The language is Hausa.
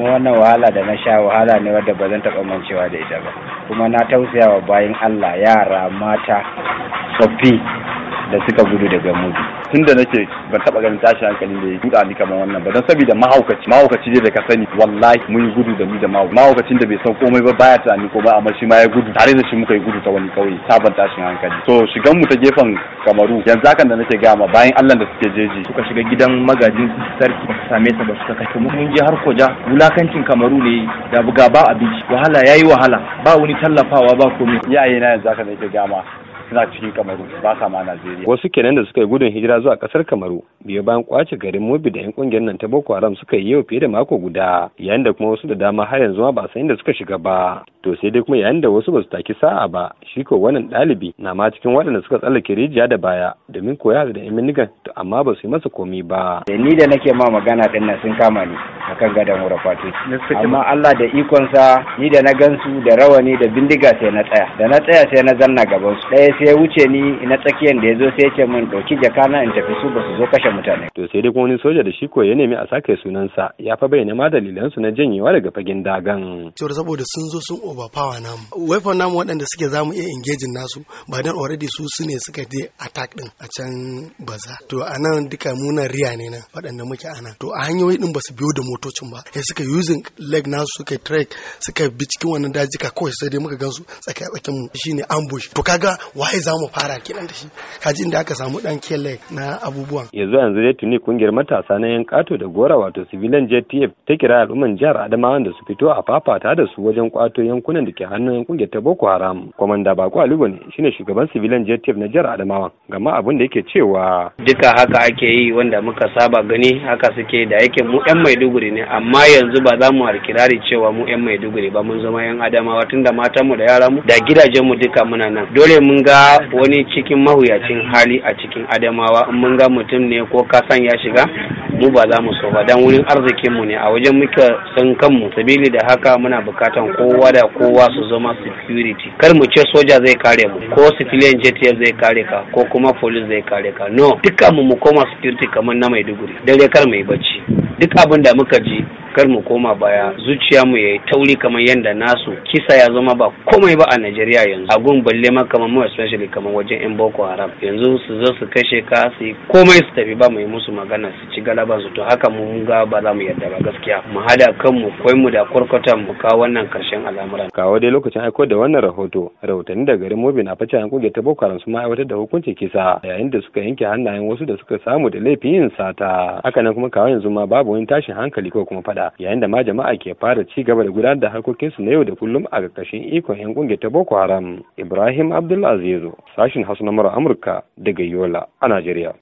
kuma wannan wahala da na sha wahala ne wadda ba zan taɓa mancewa da ita ba kuma na tausayawa bayan allah yara mata tsoffi da suka gudu daga mudu tun da nake ban taba ganin tashin hankali da ya guda ni kamar wannan ba don saboda mahaukaci mahaukaci ne da ka sani wallahi mun gudu da mu da mahaukaci mahaukacin da bai san komai ba baya tunani ko ba amma shi ma ya gudu tare da shi muka yi gudu ta wani kauye sabon tashin hankali to shigan mu ta gefen kamaru yanzu hakan da nake gama bayan Allah da suke jeji suka shiga gidan magajin sarki ba su same ta ba suka kashe mu mun je har koja wulakancin kamaru ne da buga ba abinci wahala yi wahala ba wani tallafawa ba komai iyaye na yanzu haka nake gama suna cikin kamaru ba sa ma najeriya wasu kenan da suka yi gudun hijira zuwa kasar kamaru biyo bayan kwace garin mobi da yan kungiyar nan ta boko haram suka yi yau fiye da mako guda yayin da kuma wasu da dama har yanzu ma ba san inda suka shiga ba to sai dai kuma yayin da wasu ba su taki sa'a ba shi ko wannan dalibi na ma cikin waɗanda suka tsallake rijiya da baya domin koya da yan minigan amma ba su yi masa komi ba eh, ni da nake ma magana ɗin nan sun kama ni a kan gadon wurafatu amma Allah da ikonsa ni da na gansu da rawani da bindiga sai na tsaya da na tsaya sai na zanna gaban su ɗaya sai ya wuce ni na tsakiyan da ya zo sai ya ce min ɗauki jakana in tafi su ba su zo kashe mutane to sai dai kuma wani soja da shi ko ya nemi a sake sunansa ya fa bayyana ma su na janyewa daga fagen dagan to saboda sun zo sun overpower namu weapon namu waɗanda suke zamu iya engaging nasu ba dan already su su ne suka je attack din a can baza to anan duka muna riya ne nan waɗanda muke anan to a hanyoyi din ba su biyo da mota motocin ba ya suka using leg nasu suka trek suka bi cikin wannan dajika kawai sai dai muka gansu tsaka tsakin mu shine ambush to kaga waye za mu fara kenan da shi kaji inda aka samu dan kele na abubuwan yanzu yanzu dai tuni kungiyar matasa na yan kato da gora wato civilian JTF ta kira al'umman jihar Adamawa da su fito a fafata da su wajen kwato yankunan da ke hannun yan kungiyar ta Boko Haram komanda Bako Alugo ne shine shugaban civilian JTF na jihar Adamawa gama abin da yake cewa duka haka ake yi wanda muka saba gani haka suke da yake mu yan Maiduguri ne amma yanzu ba za mu harkirari cewa mu yan maiduguri ba mun zama yan adamawa tunda mu da yara mu da gidajen mu duka muna nan dole mun ga wani cikin mahuyacin hali a cikin adamawa in mun ga mutum ne ko kasan ya shiga mu ba za mu so ba dan wurin arzikinmu ne a wajen muke san kanmu sabili da haka muna bukatan kowa da kowa su zama security kar mu ce soja zai kare mu ko civilian jet zai kare ka ko kuma police zai kare ka no duka mu mu koma security kamar na Maiduguri dare kar mai bacci duk abin da muka ji kar mu koma baya zuciya mu yayi tauri kamar yadda nasu kisa ya zama ba komai ba a Najeriya yanzu gun balle ma kamar mu especially kamar wajen yan Boko Haram yanzu su zo su kashe ka su komai su tafi ba mu yi musu magana su ci galaba su to haka mu ga ba za mu yarda ba gaskiya mu hada kanmu koi mu da kwarkwatan mu kawo wannan karshen al'amuran kawo dai lokacin aiko da wannan rahoto rahotanni da garin Mobi na fice an kuge ta Boko Haram ma aiwatar da hukuncin kisa yayin da suka yanke hannayen wasu da suka samu da laifin yin sata hakanan kuma kawo yanzu ma babu wani tashin hankali ko kuma fada yayin da ma jama'a ke fara ci gaba da gudanar da harkokinsu na yau da kullum a ƙarƙashin ikon 'yan ƙungiyar ta Boko Haram. Ibrahim Azizu, sashin Hausa na Amurka daga Yola a Najeriya.